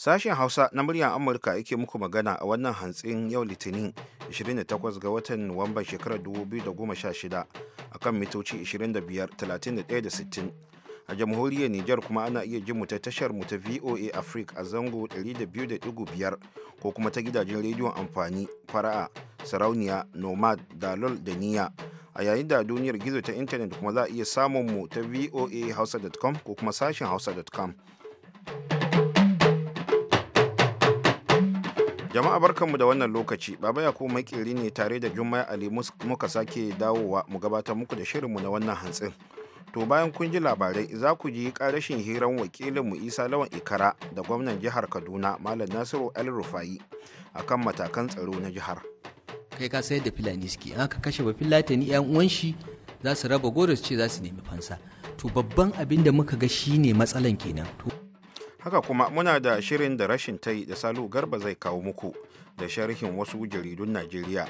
Sashen Hausa na muryar Amurka yake muku magana a wannan hantsin yau Litinin 28 ga watan Nuwamban shekarar 2016 kan mitoci 25, 31 da 60. A jamhuriyar Nijar kuma ana iya jin mu ta tashar mu ta VOA Africa a zango 200.5 ko kuma ta gidajen rediyon amfani fara'a sarauniya nomad dalol da niya a yayin da duniyar gizo ta intanet kuma za a iya samun mu ta voa hausa.com ko kuma sashen hausa.com Jama'a barkanmu da wannan lokaci, Baba Yakubu makeri ne tare da Jummai Ali muka sake dawowa mu gabatar muku da shirinmu na wannan hantsin. To bayan kun ji labarai za ku ji karashin hiran mu Isa Lawan Ikara da gwamnan jihar Kaduna Malam Nasiru El Rufai akan matakan tsaro na jihar. Kai ka sayar da Fulani suke, an ka kashe ba Fulatani 'yan uwanshi za su raba goro su ce za su nemi fansa. To babban abin da muka ga shine matsalan kenan. haka kuma muna da shirin da rashin tai da salu garba zai kawo muku da sharhin wasu jaridun najeriya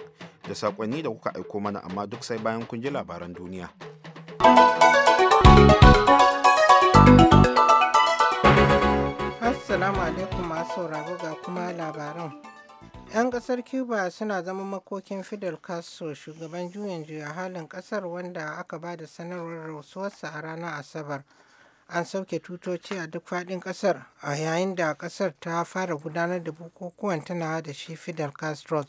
da sakonni da kuka aiko mana amma duk sai bayan kun ji labaran duniya assalamu alaikum masu sauraro ga kuma labaran 'yan kasar cuba suna zama makokin fidel castro shugaban juyin juya halin kasar wanda aka ba da sanarwar rasuwarsa a ranar asabar an sauke tutoci a duk faɗin ƙasar a yayin da ƙasar ta fara gudanar da bukukuwan tunawa da shi fidel castro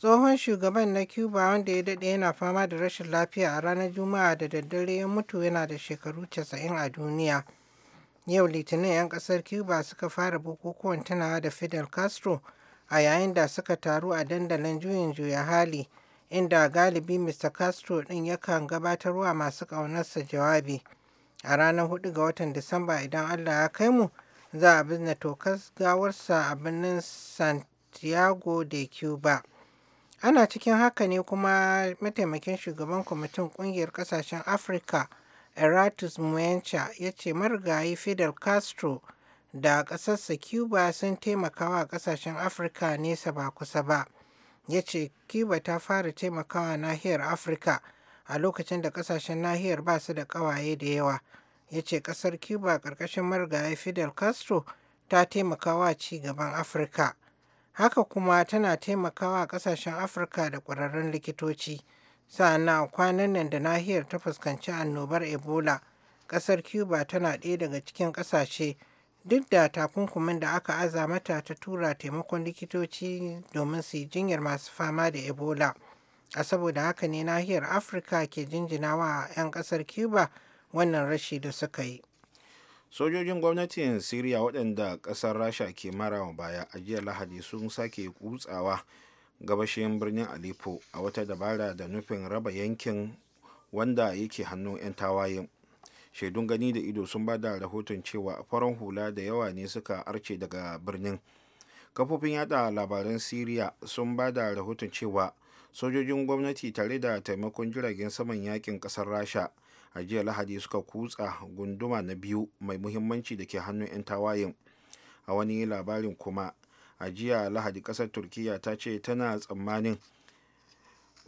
tsohon shugaban na cuba wanda ya daɗe yana fama da rashin lafiya a ranar juma'a da daddare ya mutu yana da shekaru 90 a duniya yau litinin 'yan ƙasar cuba suka fara bukukuwan tunawa da fidel castro a yayin da suka taru a dandalin juyin juya hali inda galibi mr castro ɗin yakan gabatarwa masu ƙaunarsa jawabi a ranar 4 ga watan Disamba idan Allah ya kai mu za a bizne tokas gawarsa a birnin Santiago de Cuba. Ana cikin haka ne kuma mataimakin shugaban kwamitin kungiyar kasashen Afirka Eratus Muencha ya ce marigayi Fidel Castro da ƙasarsa Cuba sun taimakawa ƙasashen Afirka nesa ba kusa ba. Ya ce Cuba ta fara taimakawa nahiyar Afirka. a lokacin da kasashen nahiyar ba su da ƙawaye da yawa ya ce ƙasar cuba ƙarƙashin marigayi fidel castro ta taimakawa ci gaban afirka haka kuma tana taimakawa ƙasashen afirka da ƙwararrun likitoci sa'annan kwanan nan da nahiyar ta fuskanci annobar ebola ƙasar cuba tana ɗaya daga cikin ƙasashe duk da takunkumin da aka aza mata ta tura taimakon likitoci domin su yi jinyar masu fama da ebola a saboda haka ne nahiyar afirka ke jinjinawa 'yan kasar cuba wannan rashi da suka yi sojojin gwamnatin syria waɗanda ƙasar rasha ke marawa baya a jiya lahadi sun sake kutsawa gabashin birnin alipo a wata dabara da nufin raba yankin wanda yake hannun 'yan tawayen shaidun gani da ido sun ba da rahoton cewa farin hula da yawa ne suka arce daga birnin kafofin yada labaran syria sun ba da rahoton cewa sojojin gwamnati tare da taimakon jiragen saman yakin kasar rasha a jiya lahadi suka kutsa gunduma na biyu mai muhimmanci da ke hannun 'yan tawayen a wani labarin kuma a jiya lahadi kasar turkiya ta ce tana tsammanin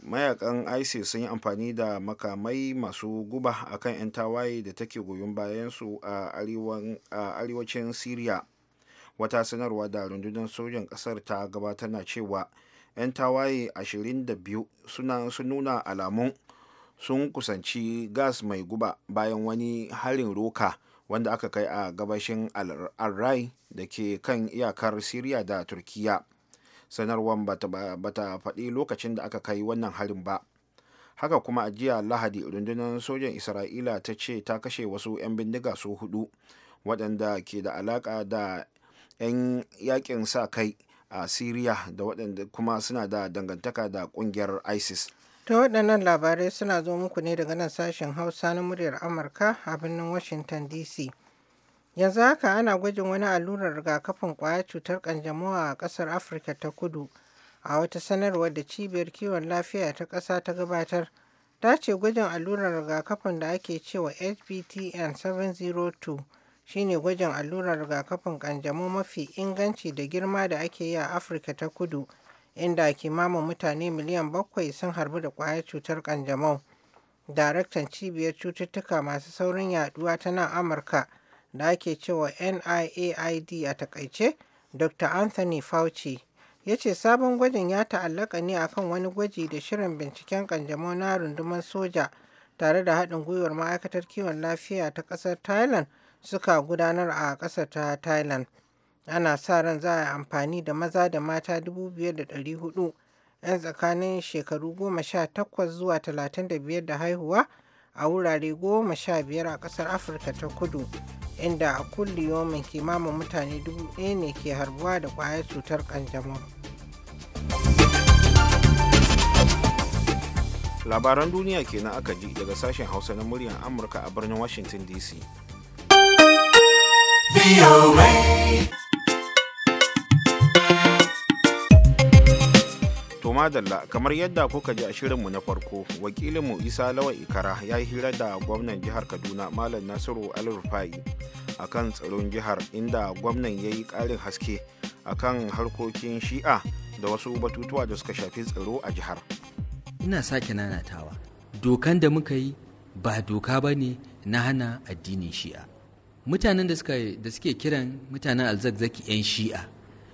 mayakan isis sun yi amfani da makamai masu guba a kan 'yan tawaye da take goyon bayan su a arewacin syria wata sanarwa da rundunar sojan kasar ta gabatar na cewa 'yan tawaye 22 suna sun nuna alamun sun kusanci gas mai guba bayan wani harin roka wanda aka kai a gabashin al-rai da ke kan iyakar siriya da turkiya sanarwar bata faɗi lokacin da aka kai wannan harin ba haka kuma a jiya lahadi rundunar sojan isra'ila ta ce ta kashe wasu 'yan bindiga su hudu waɗanda ke da alaƙa da 'yan yakin sa kai a syria da waɗanda kuma suna da dangantaka da ƙungiyar isis ta waɗannan labarai suna zo muku ne daga nan sashen hausa na muryar amurka a birnin washington dc yanzu haka ana gwajin wani allurar rigakafin ƙwayar cutar kanjamau a ƙasar afirka ta kudu a wata sanarwar da cibiyar kiwon lafiya ta ƙasa ta gabatar ta ce gwajin allurar rigakafin da ake cewa hbtn 702 shine gwajin allurar rigakafin ƙanjamau mafi inganci da girma da ake yi a Afirka ta kudu, inda kimanin mutane miliyan bakwai sun harbi da ƙwayar cutar ƙanjamau. Daraktan cibiyar cututtuka masu saurin yaduwa ta nan Amurka da ake cewa NIAID a takaice, Dr. Anthony Fauci, ya ce sabon gwajin ya ta'allaka ne akan wani gwaji da shirin binciken ƙanjamau na rundunar soja tare da haɗin gwiwar ma'aikatar kiwon lafiya ta ƙasar Thailand suka gudanar a ƙasa ta Thailand. Ana sa ran za a yi amfani da maza da mata 5,400 'yan tsakanin shekaru 18 zuwa 35 da haihuwa a wurare 15 a ƙasar Afirka ta kudu. inda a kulli yomin kimanin mutane 1,000 ne ke harbuwa da ƙwayar cutar kanjamau. labaran duniya kenan aka ji daga sashen hausa na muryar amurka a birnin washington dc ቪኦኤ madalla kamar yadda kuka ji a shirinmu na farko wakilinmu isa lawan ikara ya yi hira da gwamnan jihar kaduna malam nasiru alrufai a kan tsaron jihar inda gwamnan ya yi ƙarin haske a kan harkokin shi'a da wasu batutuwa da suka shafi tsaro a jihar ina sake nanatawa dokan da muka yi ba doka ba ne na hana addinin shi'a mutanen da suke kiran mutanen alzakzaki 'yan shi'a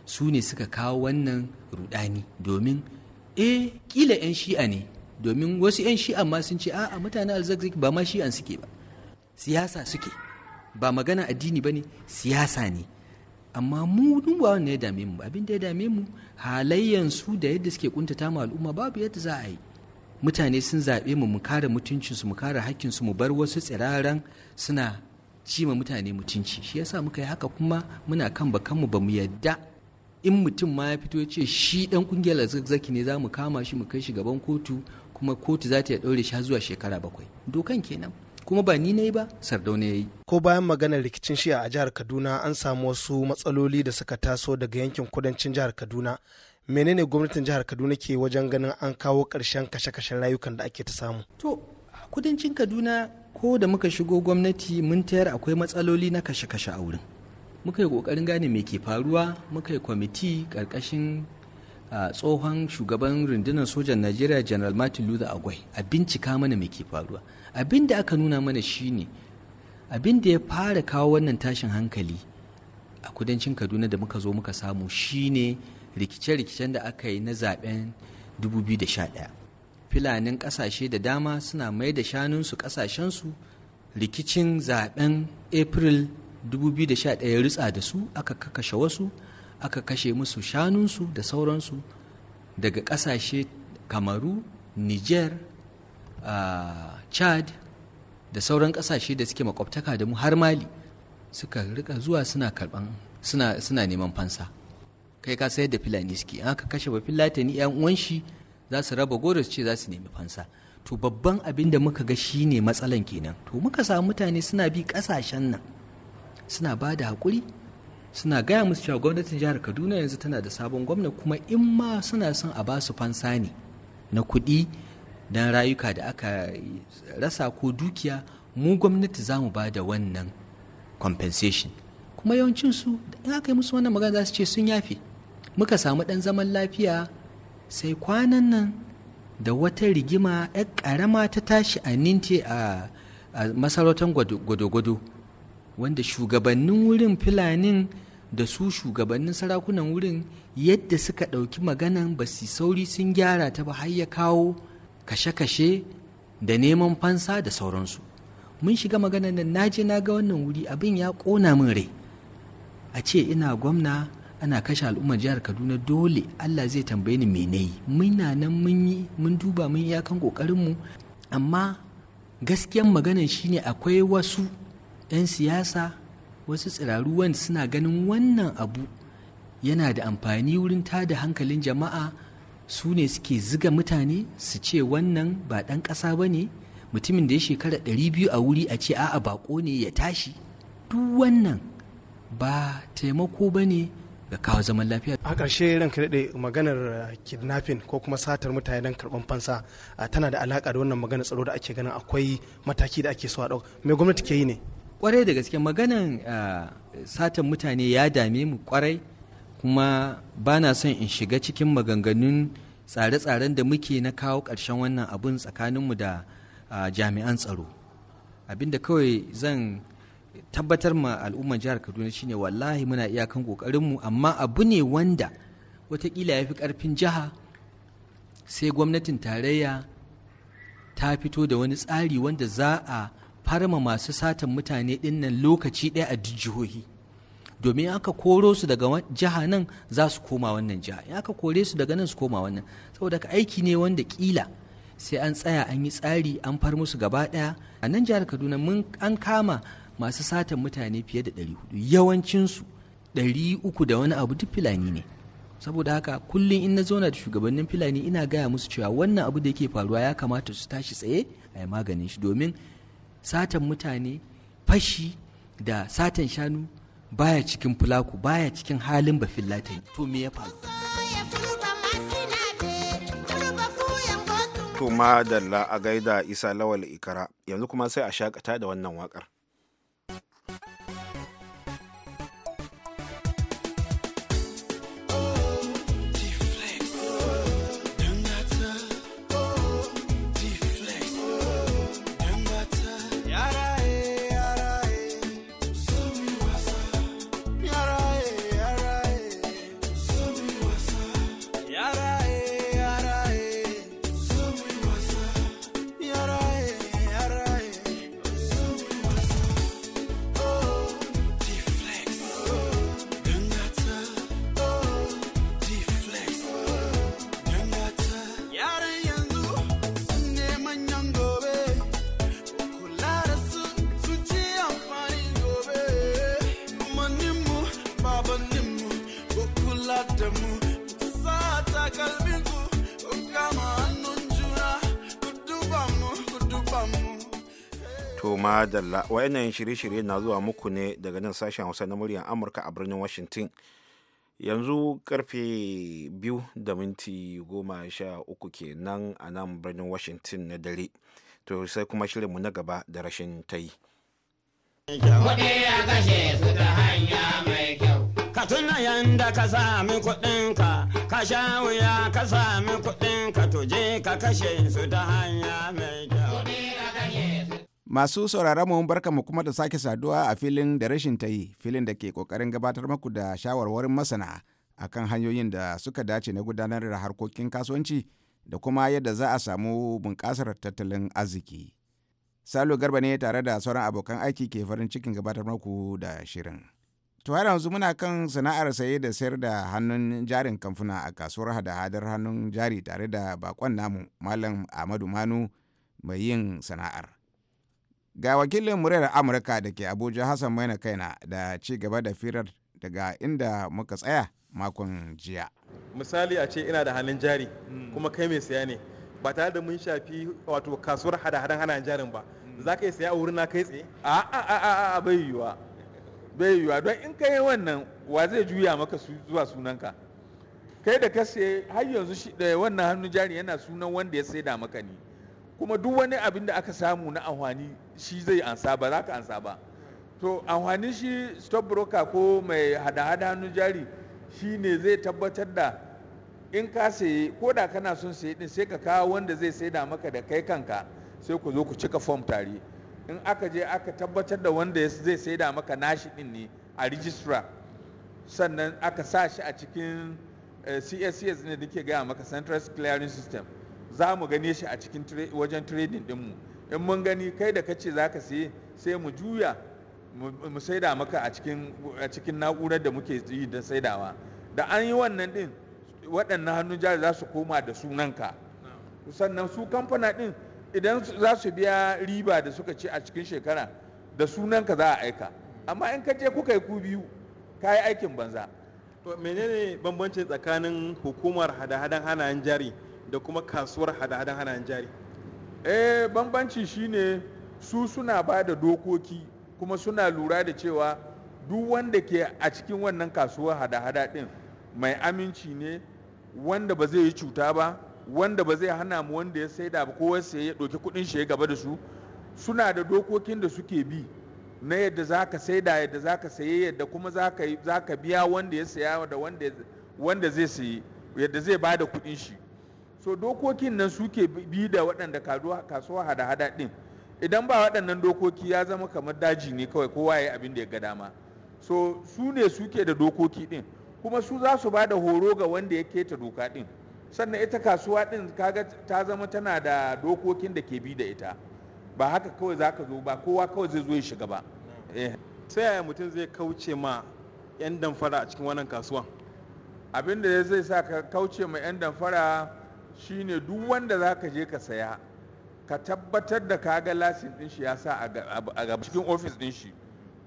su ne suka kawo wannan rudani domin eh kila 'yan shi'a ne domin wasu 'yan shi'a ma sun ce a'a mutanen alzakzaki ba ma shi'an suke ba siyasa suke ba magana addini ba ne siyasa ne amma mu duba wannan ya dame mu abin da ya dame mu halayyan su da yadda suke kuntata mu al'umma babu yadda za a yi mutane sun zaɓe mu mu kare mutuncinsu mu kare hakkinsu mu bar wasu tsiraran suna ci ma mutane mutunci shi yasa muka yi haka kuma muna kan bakanmu ba mu yadda in mutum ma ya fito ya ce shi dan kungiyar zazzaki ne za mu kama shi mu kai shi gaban kotu kuma kotu za ta ya daure shi har zuwa shekara bakwai dokan kenan kuma ba ni na yi ba sardauna ya yi. ko bayan maganar rikicin shi a jihar kaduna an samu wasu matsaloli da suka taso daga yankin kudancin jihar kaduna menene gwamnatin jihar kaduna ke wajen ganin an kawo ƙarshen kashe-kashen rayukan da ake ta samu to kudancin kaduna ko da muka shigo gwamnati mun tayar akwai matsaloli na kashe-kashe a wurin muka yi ƙoƙarin gane mai ke faruwa muka yi kwamiti karkashin tsohon shugaban rundunar sojan najeriya general martin luther agwai a bincika mana mai ke faruwa abin da aka nuna mana shine abin da ya fara kawo wannan tashin hankali a kudancin kaduna da muka zo muka samu shine rikice-rikicen da aka yi na zaben 2011 filanin ƙasashe da dama suna mai da shanunsu ƙasashensu rikicin zaben april 2011 ya ritsa da su aka kakashe wasu aka kashe musu shanunsu da sauransu daga ƙasashe kamaru niger uh, chad da sauran kasashe da suke makwabtaka da mu har mali suka rika zuwa suna karban suna neman fansa kai ka sayar da filani suke aka kashe ba ni yan uwan shi za su raba goda su ce za su nemi fansa to babban abin da muka ga shi ne matsalan kenan to muka samu mutane suna bi kasashen nan suna ba da haƙuri suna gaya musu cewa gwamnatin jihar kaduna yanzu tana da sabon gwamna kuma in ma suna son a ba su fansa ne na kuɗi don rayuka da aka rasa ko dukiya mu gwamnati za mu ba da wannan compensation kuma yawancinsu in aka yi musu wannan magana za su ce sun yafe muka samu ɗan zaman lafiya sai kwanan nan da wata rigima 'yar ƙarama ta tashi a ninti a masarautar gwado-gwado wanda shugabannin wurin filanin da su shugabannin sarakunan wurin yadda suka ɗauki maganan ba su sauri sun gyara ta ba har ya kawo kashe-kashe da neman fansa da sauransu mun shiga maganan nan naje na ga wannan wuri abin ya ƙona min rai a ce ina gwamna ana kashe al'ummar jihar kaduna dole allah zai tambaye ni mene yi muna nan mun yi mun duba mun iyakan mu amma gaskiyan maganan shine akwai wasu 'yan siyasa wasu tsiraru wanda suna ganin wannan abu yana da amfani wurin tada hankalin jama'a su ne suke ziga mutane su ce wannan ba ɗan ƙasa ba ne mutumin da ya shekara 200 a wuri a ce a'a baƙo ne ya tashi duk wannan ba taimako ba ne ga kawo zaman lafiya. A ƙarshe ranka daɗe maganar eh, kidnapping ko kuma satar mutane don karɓan fansa eh, tana da alaƙa da wannan maganar tsaro da ake ganin akwai mataki da ake so a ɗauka. Me gwamnati ke yi ne? Kwarai da gaske maganar eh, satar mutane ya dame mu kwarai kuma ba na son in shiga cikin maganganun tsare-tsaren da muke na kawo ƙarshen wannan abun tsakaninmu da jami'an tsaro. Abinda kawai zan tabbatar ma al'ummar jihar kaduna shine wallahi muna iyakan mu amma abu ne wanda watakila ya fi karfin jiha sai gwamnatin tarayya ta fito da wani tsari wanda za a farma masu satan mutane dinnan lokaci ɗaya a duk jihohi domin aka koro su daga jiha nan za su koma wannan jiha in aka kore su daga nan su koma wannan saboda ka aiki ne wanda kila sai an tsaya an yi tsari an far musu gaba ɗaya a nan jihar kaduna mun an kama masu satan mutane fiye da 400 yawancinsu 300 da wani abu duk filani ne saboda haka kullum in na zauna da shugabannin filani ina gaya musu cewa wannan abu da yake faruwa ya kamata su tashi tsaye a yi maganin shi domin satan mutane fashi da satan shanu baya cikin fulaku baya cikin halin bafin latin to me ya faru to dalla a gaida isa lawal ikara yanzu kuma sai a shakata da wannan wakar madalla wayannan shirye-shirye na zuwa muku ne daga nan sashen hausa na muryar amurka a birnin washington yanzu karfe biyu da minti goma sha uku nan a nan birnin washington na dare to sai kuma shirinmu na gaba da rashin ta yi ka tuna yanda ka sami kuɗinka ka sha wuya ka sami kuɗinka to ka kashe su ta hanya mai kyau Masu sauraron mu barka mu kuma da sake saduwa a filin da rashin ta yi, filin da ke kokarin gabatar maku da shawarwarin masana akan hanyoyin da suka dace na gudanar da harkokin kasuwanci da kuma yadda za a samu bunƙasar tattalin arziki. Salo Garba ne tare da sauran abokan aiki ke farin cikin gabatar maku da shirin. To har yanzu muna kan sana'ar saye da sayar da hannun jarin kamfuna a kasuwar hada-hadar hannun jari tare da bakon namu Malam Ahmadu Manu mai yin sana'ar. Ga wakilin muryar Amurka da ke Abuja Hassan Maina Kaina da ci gaba da firar daga inda muka tsaya makon jiya. Misali a ce ina da hannun jari hmm. kuma kai mai saya ne ba tare da mun shafi wato kasuwar hada-hadan hana jarin ba. Hmm. Za ka yi saya a wurin na kai tsaye? A a a a bai yiwuwa. Bai yiwuwa don in ka yi wannan wa zai juya maka zuwa sunanka. kai da kase har yanzu shi da wannan hannun jari yana sunan wanda ya da maka ne kuma duk wani abin da aka samu na amfani shi zai ansa ba za ka ansa ba to amfanin shi stop broker ko mai hada-hada hannun jari shi ne zai tabbatar da in ka saye ko da kana son saye din sai ka kawo wanda zai saida maka da kai kanka sai ku zo ku cika fom tare in aka je aka tabbatar da wanda zai saida maka nashi din ne a rijistra sannan aka sa shi a cikin eh, cscs ne da ke gaya maka central clearing system za mu gane shi a cikin wajen trading dinmu in mun gani kai da kace za ka siye sai mu juya mu saida maka a cikin na'urar da muke yi don saidawa da an yi wannan din waɗannan hannun jari za su koma da sunanka sannan su kamfana din idan za su biya riba da suka ce a cikin shekara da sunanka za a aika amma in ka je kuka yi ku biyu ka yi aikin banza menene bambanci tsakanin hukumar hada-hadan hanayen jari da kuma kasuwar hada-hadan hanayen jari eh bambanci shine su suna ba da dokoki kuma suna lura da cewa duk wanda ke a cikin wannan kasuwar hada-hada din mai aminci ne wanda ba zai yi cuta ba wanda ba zai hana mu wanda ya saida ba ko ya ɗauki kuɗin shi ya gaba da su suna da dokokin da suke bi na yadda za ka saida yadda za ka saye yadda kuma za ka biya wanda ya saya da wanda zai saye yadda zai ba da kuɗin shi so dokokin nan suke bi da waɗanda kasuwa hada-hada ɗin idan ba waɗannan dokoki ya zama kamar daji ne kawai kowa ya abin da ya ga dama so su ne suke da dokoki ɗin kuma su za su ba da horo ga wanda ya keta doka ɗin sannan ita kasuwa ɗin kaga ta zama tana da dokokin da ke bi da ita ba haka kawai za ka zo ba kowa kawai zai zo ya shiga ba sai eh. yaya mutum zai kauce ma 'yan damfara a cikin wannan kasuwan abin da zai sa ka kauce ma 'yan damfara shine duk wanda za ka je ka saya ka tabbatar da kaga lasin din shi ya sa a gaba cikin ofis din shi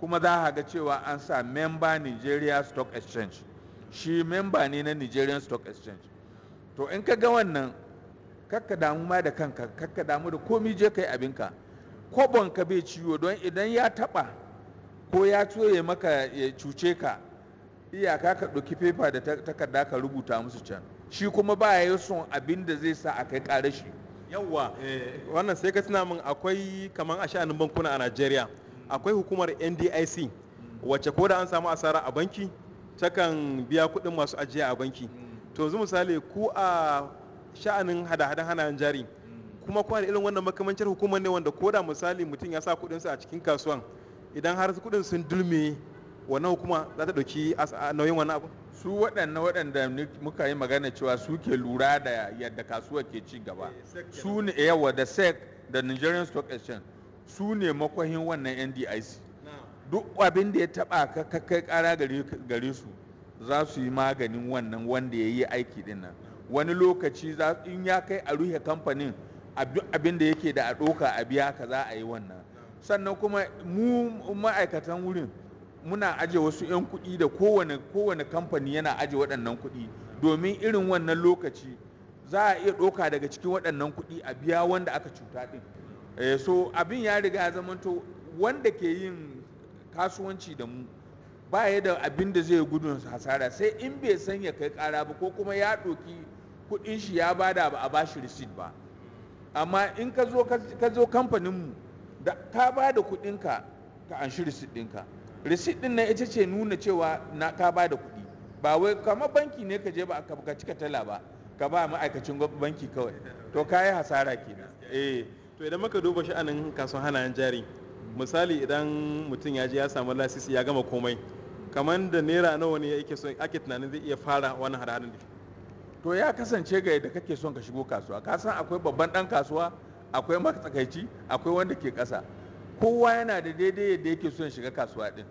kuma za a ga cewa an sa memba nigeria stock exchange shi memba ne na nigerian stock exchange to in ka ga wannan kakka damu ma da kanka kakka damu da komi je kai abinka kobon ka bai ciwo don idan ya taba ko ya coye maka ya cuce ka iyaka ka ɗauki fefa da takarda ka rubuta musu can shi kuma ba ya yi son abin da zai sa a kai ƙare shi yawwa eh, wannan sai ka tuna min akwai kamar a sha'anin bankuna a najeriya akwai hukumar ndic wacce ko da an samu asara a banki takan biya kuɗin masu ajiya a banki to yanzu misali ku a sha'anin hada-hadan hanayen jari kuma kuma da irin wannan makamancin hukumar ne wanda ko da misali mutum ya sa kuɗinsa a cikin kasuwan idan har kuɗin sun dulme wannan hukuma za ta ɗauki nauyin wannan abu su waɗannan waɗanda muka yi magana cewa suke lura da yadda kasuwa ke ci gaba eh, su ne eh, yawa da sec da nigerian stock exchange su ne makwahin wannan ndic duk abin da ya taɓa ka kai ƙara gare su za su yi maganin wannan wanda ya yi aiki din wani lokaci in ya kai a ruhe kamfanin abin da yake da a ɗoka a biya ka za a yi wannan sannan kuma mu ma'aikatan wurin muna aje wasu 'yan kuɗi da kowane kowane kamfani yana aje waɗannan kuɗi domin irin wannan lokaci za a iya ɗoka daga cikin waɗannan kuɗi a biya wanda aka cuta ɗin eh, so abin ya riga ya zamanto wanda ke yin kasuwanci da mu ba ya da abin da zai gudun hasara sai in bai san ya kai ƙara ba ko kuma ya ɗoki kuɗin shi ya bada ba a bashi receipt ba amma in ka zo kamfaninmu da ka ba da kuɗinka ka an shi receipt ɗinka receipt din nan ita ce nuna cewa na ka ba da kuɗi ba wai kamar banki ne ka je ba ka cika tala ba ka ba ma'aikacin banki kawai to ka yi hasara kenan eh to idan muka duba sha'anin kasuwan hannayen jari misali idan mutum ya je ya samu lasisi ya gama komai kamar da naira nawa ne yake so ake tunanin zai iya fara wani hararin da to ya kasance ga yadda kake son ka shigo kasuwa ka san akwai babban dan kasuwa akwai matsakaici akwai wanda ke kasa kowa yana da daidai yadda yake son shiga kasuwa din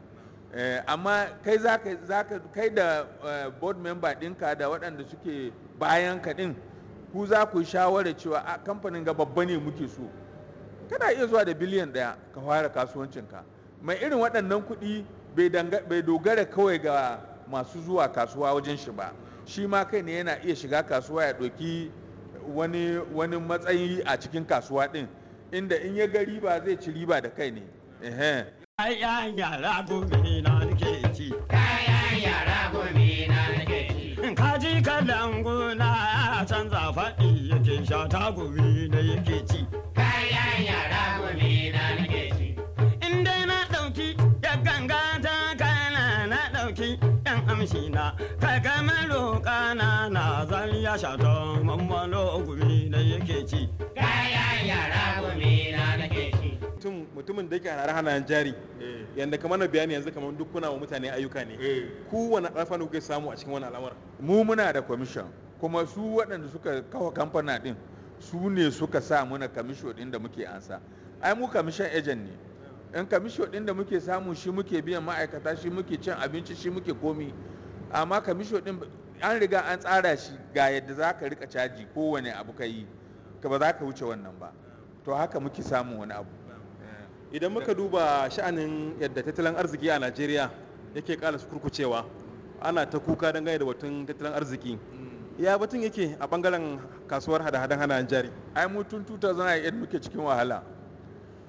Eh, amma kai zaka kai da eh, board member ɗinka da waɗanda suke bayan ka ɗin ku za ku shawara cewa a kamfanin ga babba ne muke so kana iya zuwa da biliyan ɗaya ka fara kasuwancinka mai irin waɗannan kuɗi bai dogara kawai ga masu zuwa kasuwa wajen shi ba shi ma kai ne yana iya shiga kasuwa ya ɗauki wani wani matsayi a cikin kasuwa ɗin inda in ya ga riba zai ci riba da kai ne Kayan yara gobe na nake ci. Kayan yara gobe na nake ci. Kaji kallon gona canza faɗi yake sha ta gobe na yake ci. Kayan yara gobe na nake ci. In na ɗauki ya ganga ta kana na ɗauki ɗan amshi na. Kaga maro kana na zan ya sha ta mammalo gobe. mutum mutumin da yake harare yan jari eh. yanda kamar na bayani yanzu kamar duk kuna wa mutane ayyuka ne ku wani alfanu kuke samu a cikin wani alamar. mu muna da commission kuma su waɗanda suka kawo kamfana din su ne suka sa muna kamisho din da muke ansa ai mu kamishan agent ne ɗan eh. kamisho din da muke samu shi muke biyan ma'aikata shi muke cin abinci shi muke komi amma kamisho din an riga an tsara shi ga yadda za ka rika caji kowane abu ka yi ka ba za ka wuce wannan ba to haka muke samun wani abu idan muka duba sha'anin yadda tattalin arziki a najeriya yake kala su kurkucewa ana ta kuka dangane da batun tattalin arziki mm. ya batun yake a bangaren kasuwar hada-hadan hana jari ai mutum 2008 muke cikin wahala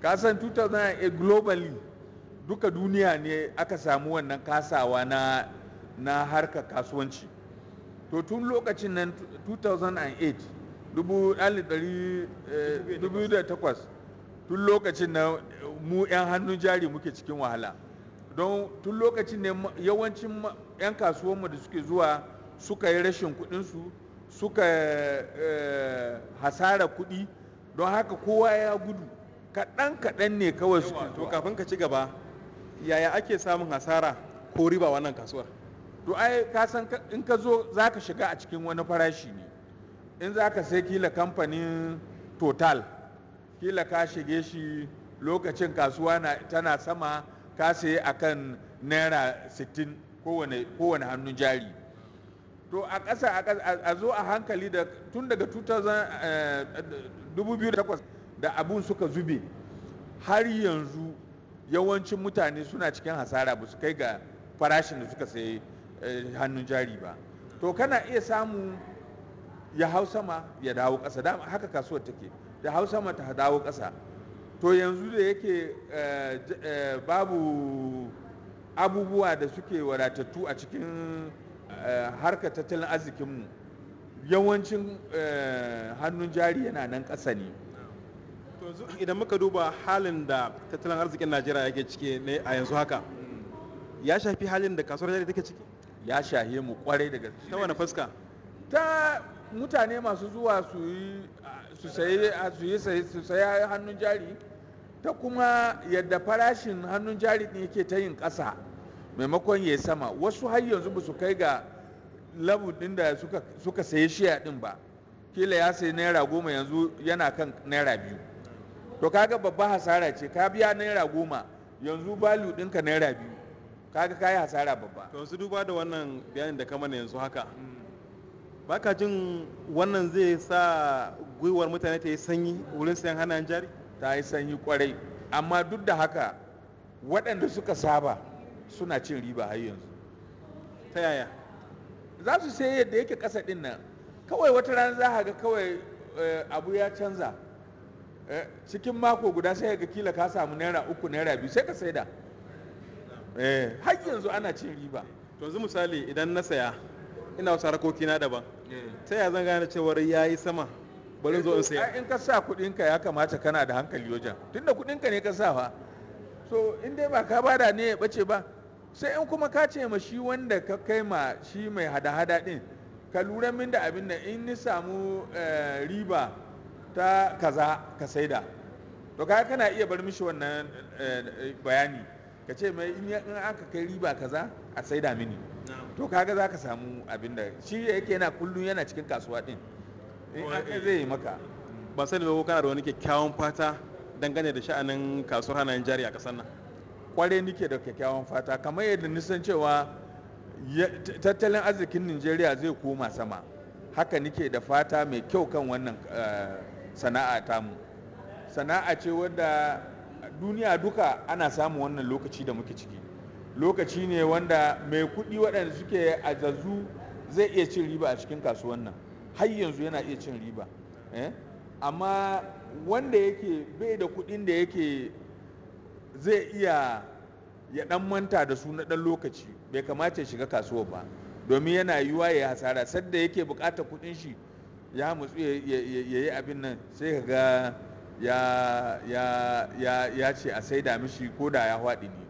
kasan 2008 globally duka duniya ne aka samu wannan kasawa na na harkar kasuwanci to tun lokacin nan 2008 2008 tun lokacin na mu 'yan hannun jari muke cikin wahala don tun lokacin ne yawancin 'yan kasuwanmu da suke zuwa suka yi rashin kudinsu suka eh, hasara kudi don haka kowa ya gudu kaɗan kaɗan ne kawai suke to kafin ka ci gaba yaya ake samun hasara ko riba wannan kasuwar to ai ka san in ka zo za ka shiga a cikin wani farashi ne in za ka sai kila kamfanin total kila ka shige shi lokacin kasuwa tana sama ka sayi kan naira 60 kowane hannun jari to a ƙasa a zo a hankali da tun daga 2008 eh, da abun suka zube har yanzu yawancin mutane suna cikin hasara ba su kai ga farashin da suka sayi eh, hannun jari ba to kana iya samu ya hau sama ya dawo ƙasa haka kasuwar take da hausa mata hadawo ƙasa to yanzu da yake eh, eh, babu abubuwa da suke wadatattu a cikin eh, harkar tattalin arzikinmu yawancin hannun jari yana nan ƙasa ne idan muka duba halin da tattalin arzikin najeriya yake ciki ne a yanzu haka ya shafi halin da kasuwar jari take ciki ya shahe mu kwarai daga ta wani fuska ta mutane masu zuwa su sayi hannun jari ta kuma yadda farashin hannun jari ne yake ta yin ƙasa maimakon ya sama wasu har yanzu ba su kai ga labu da suka sayi shiya din ba kila ya sayi naira goma yanzu yana kan naira biyu to kaga babba hasara ce ka biya naira goma yanzu balu ɗinka naira biyu kaga kayi hasara babba to su duba da wannan bayanin da ka mana yanzu haka mm. baka jin wannan zai sa gwiwar mutane ta yi sanyi wurin sayan hana jari ta yi sanyi kwarai amma duk da haka waɗanda suka saba suna cin riba har yanzu ta yaya za su sai yadda yake ƙasa ɗin nan kawai wata rana za ga kawai eh, abu ya canza eh, cikin mako guda sai ga kila ka samu naira uku naira biyu sai ka saida eh, har yanzu ana cin riba to yanzu misali idan na saya ina wasu harkokina daban ta ya zan gane cewar ya yi sama bari zo in eh in ka sa kuɗinka ya kamata kana da hankali wajen tunda kuɗinka ne ka sa fa so in dai ba ka bada ne ya bace ba sai in kuma ka ce ma shi wanda ka kai ma shi mai hada-hada din ka lura min da abin da in ni samu eh, riba ta kaza ka saida to ka kana iya bar mishi wannan eh, bayani ka ce mai in aka kai riba kaza a saida mini to kaga za ka samu abin da shi yake yana kullum yana cikin kasuwa din in eh, eh, zai yi maka ba sani ba kana da wani kyakkyawan fata dangane da sha'anin kasuwar hanayen jari a kasar nan kware nike da kyakkyawan fata kamar yadda nisan cewa tattalin arzikin Nijeriya zai koma sama haka nike da fata mai kyau kan wannan eh, sana'a tamu sana'a ce wadda duniya duka ana samun wannan lokaci da muke ciki lokaci ne wanda mai kuɗi waɗanda suke a zazu zai iya cin riba a cikin kasuwan nan har yanzu yana iya cin riba eh? amma wanda yake bai da kuɗin da yake zai iya ya ɗan manta da su na ɗan lokaci bai kamata ya shiga kasuwa ba domin yana yiwa ya hasara sadda yake bukata kuɗin shi ya mutsu ya yi abin nan sai ka ga ya ce a sai da mishi ko da ya haɗi ne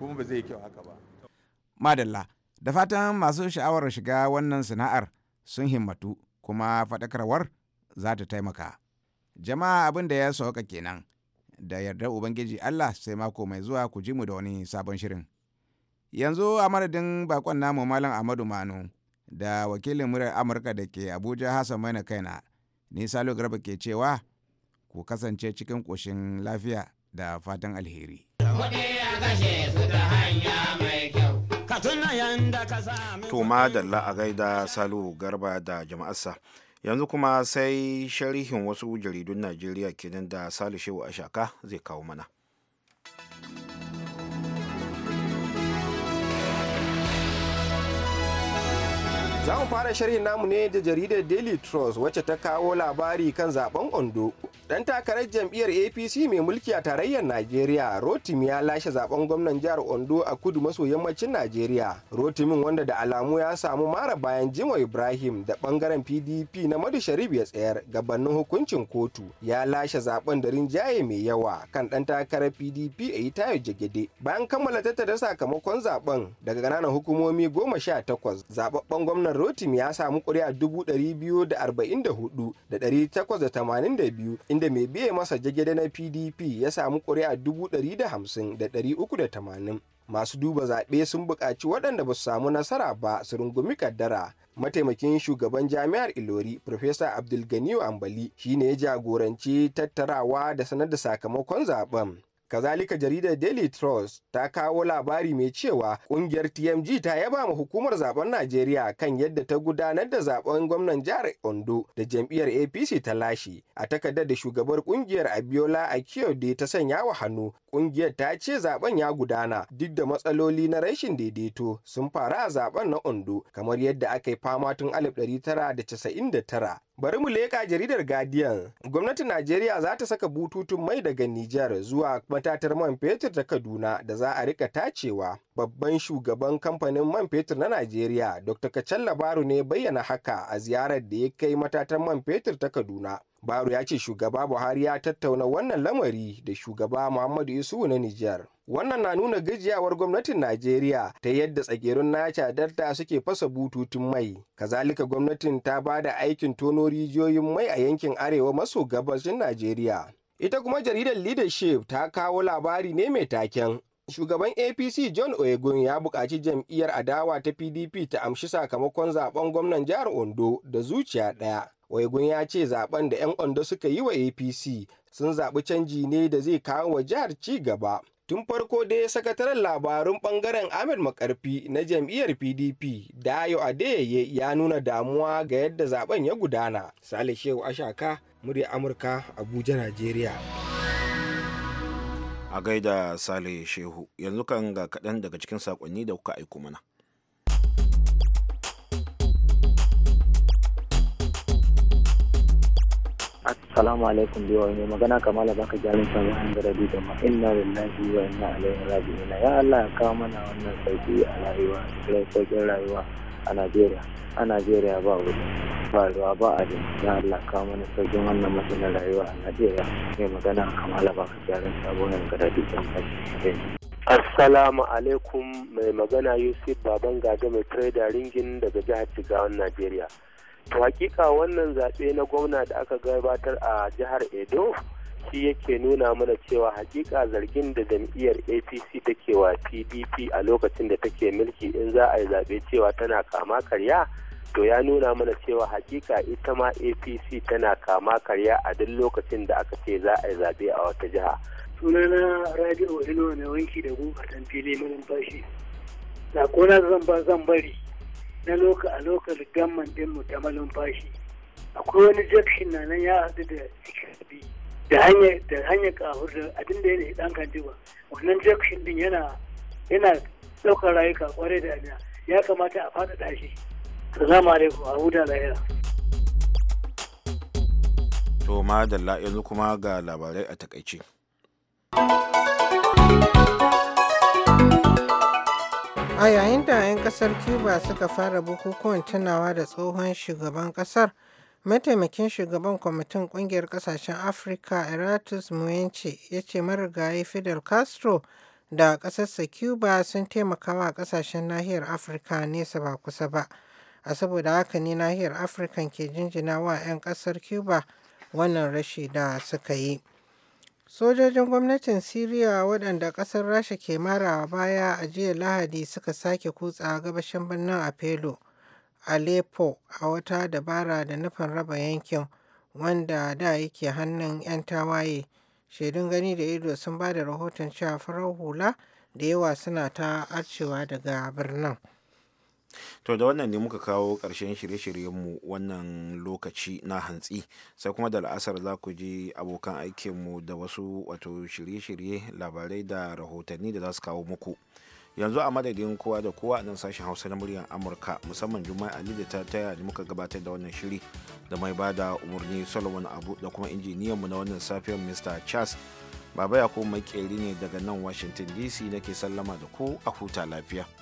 kuma ba zai kyau haka ba madalla da fatan masu sha'awar shiga wannan sana'ar sun himmatu kuma faɗakarwar za ta taimaka jama'a abin da ya sauka kenan da yardar ubangiji allah sai mako mai zuwa ku ji mu da wani sabon shirin yanzu a madadin bakon namu malam ahmadu manu da wakilin murar amurka da ke abuja hassan maina kaina ni salo garba ke cewa ku kasance cikin ƙoshin lafiya da fatan alheri To ma kashe su ta a gaida Salu Garba da jama'arsa. Yanzu kuma sai sharihin wasu jaridun Najeriya kenan da shehu a shaka zai kawo mana. Za mu fara sharhin namu ne da jaridar Daily Trust wacce ta kawo labari kan zaben Ondo. Dan takarar jam'iyyar APC mai mulki a tarayyar Najeriya, Rotimi ya lashe zaben gwamnan jihar Ondo a kudu maso yammacin Najeriya. Rotimin wanda da alamu ya samu mara bayan Jimo Ibrahim da bangaren PDP na Madu Sharif ya tsayar gabanin hukuncin kotu. Ya lashe zaben da rinjaye mai yawa kan dan takarar PDP a yi tayo jagede. Bayan kammala tattara sakamakon zaben daga ƙananan hukumomi goma sha takwas, zababben gwamnan wannan Rotim ya samu ƙuri'a 244,882 inda mai biye masa jagede na PDP ya samu ƙuri'a tamanin Masu duba zaɓe sun buƙaci waɗanda ba su samu nasara ba su rungumi kaddara. Mataimakin shugaban jami'ar Ilori, Profesa Abdulganiyu Ambali, shine ya jagoranci tattarawa da sanar da sakamakon zaɓen. Kazalika jaridar Daily Trust ta kawo labari mai cewa kungiyar TMG ta yaba ma hukumar zaben Najeriya kan yadda ta gudanar da zaben gwamnan jihar Ondo da jam'iyyar APC ta lashe. A takardar da shugabar kungiyar Abiola Akiyode ta sanya wa hannu, Ƙungiyar ta ce zaben ya gudana duk da matsaloli na rashin daidaito sun faru a zaben na Ondo kamar yadda aka yi fama tun 1999. Bari mu leƙa jaridar Guardian. Gwamnatin Najeriya za ta saka bututun mai daga Nijar zuwa matatar man fetur ta Kaduna da za a rika tacewa. Babban shugaban kamfanin man fetur na Najeriya, Dr. kacan labaru ne bayyana haka a ziyarar da ya kai matatar man fetur ta Kaduna. Baro ya ce shugaba Buhari ya tattauna wannan lamari da shugaba Muhammadu yusuf na Nijar. Wannan na nuna gajiyawar gwamnatin Najeriya ta yadda tsagerun naca delta suke fasa bututun mai. Kazalika gwamnatin ta ba da aikin tono rijiyoyin mai a yankin arewa maso gabashin Najeriya. Ita kuma jaridar leadership ta kawo labari ne mai taken Shugaban APC John Oyegun ya buƙaci jam'iyyar adawa ta PDP ta amshi sakamakon zaben gwamnan jihar Ondo da zuciya ɗaya. Oyegun ya ce zaben da 'yan Ondo suka yi wa APC sun zaɓi canji ne da zai kawo wa jihar ci gaba. Tun farko dai sakataren labarun bangaren Ahmed Makarfi na jam'iyyar PDP Dayo Adeyeye ya nuna damuwa ga yadda zaben ya gudana. Sale Shehu Ashaka, murya Amurka, Abuja, Najeriya. a gaida sale shehu yanzu kan ga kaɗan daga cikin sakonni da kuka aiko mana Assalamu alaikum biyu wani magana kamala baka jalin sabon an da ma inna lillahi wa inna ilaihi raji'un ya Allah ya kawo mana wannan sauki a rayuwa sauƙin rayuwa a najeriya a najeriya ba wuri ba ruwa ba a jin na allah kawo mana saukin wannan matsalar rayuwa a najeriya mai magana kamala ba ka gyaran sabon yanka da dukkan Assalamu alaikum mai magana Yusuf Baban Gaga mai trader ringin daga jihar Jigawan Najeriya. To hakika wannan zaɓe na gwamna da aka gabatar a jihar Edo shi yake nuna mana cewa hakika zargin da jam'iyyar apc take wa pdp a lokacin da take mulki in za a yi zaɓe cewa tana kama karya to ya nuna mana cewa hakika ita ma apc tana kama karya a duk lokacin da aka ce za a yi zaɓe a wata jiha sunana na wanki da fili bashi na kona zan zan bari na loka a lokal gamman din mu ta malumfashi akwai wani jakshin na nan ya haɗu da sikirbi da hanyar da hanyar kahur da abin da ya dan kan ba wannan jakshin din yana yana daukar rayuka kware da abin ya kamata a faɗaɗa shi assalamu alaikum a huda lahira to madalla yanzu kuma ga labarai a takaice a yayin da 'yan kasar cuba suka fara bukukuwan tunawa da tsohon shugaban kasar Mataimakin shugaban kwamitin ƙungiyar ƙasashen Afirka eratus muyanci ya ce marigayi Fidel Castro da ƙasarsa Cuba sun taimaka wa ƙasashen nahiyar Afirka nesa ba kusa ba. A saboda haka ne nahiyar Afirka ke jinjina wa 'yan ƙasar Cuba wannan rashi da suka yi. Sojojin gwamnatin Syria waɗanda ƙasar Rasha ke marawa baya a jiya Lahadi suka sake kutsa gabashin birnin Apelo. Aleppo a wata dabara da nufin raba yankin wanda da yake hannun ‘yan tawaye. Shaidun gani da ido sun ba da rahoton cewa farar hula da yawa suna ta arcewa daga birnin. To da wannan ne muka kawo ƙarshen shirye-shiryenmu wannan lokaci na hantsi sai kuma da la'asar za ku ji abokan aikinmu da wasu wato shirye-shirye labarai da rahotanni da za su kawo muku. yanzu a madadin kowa da kowa a nan sashen hausa na muryar amurka musamman juma'a ali da ta taya da muka gabatar da wannan shiri da mai ba da umarni solomon abu da kuma injiniyanmu na wannan safiyar mr charles baba ya mai ne daga nan washington dc nake sallama da ku a huta lafiya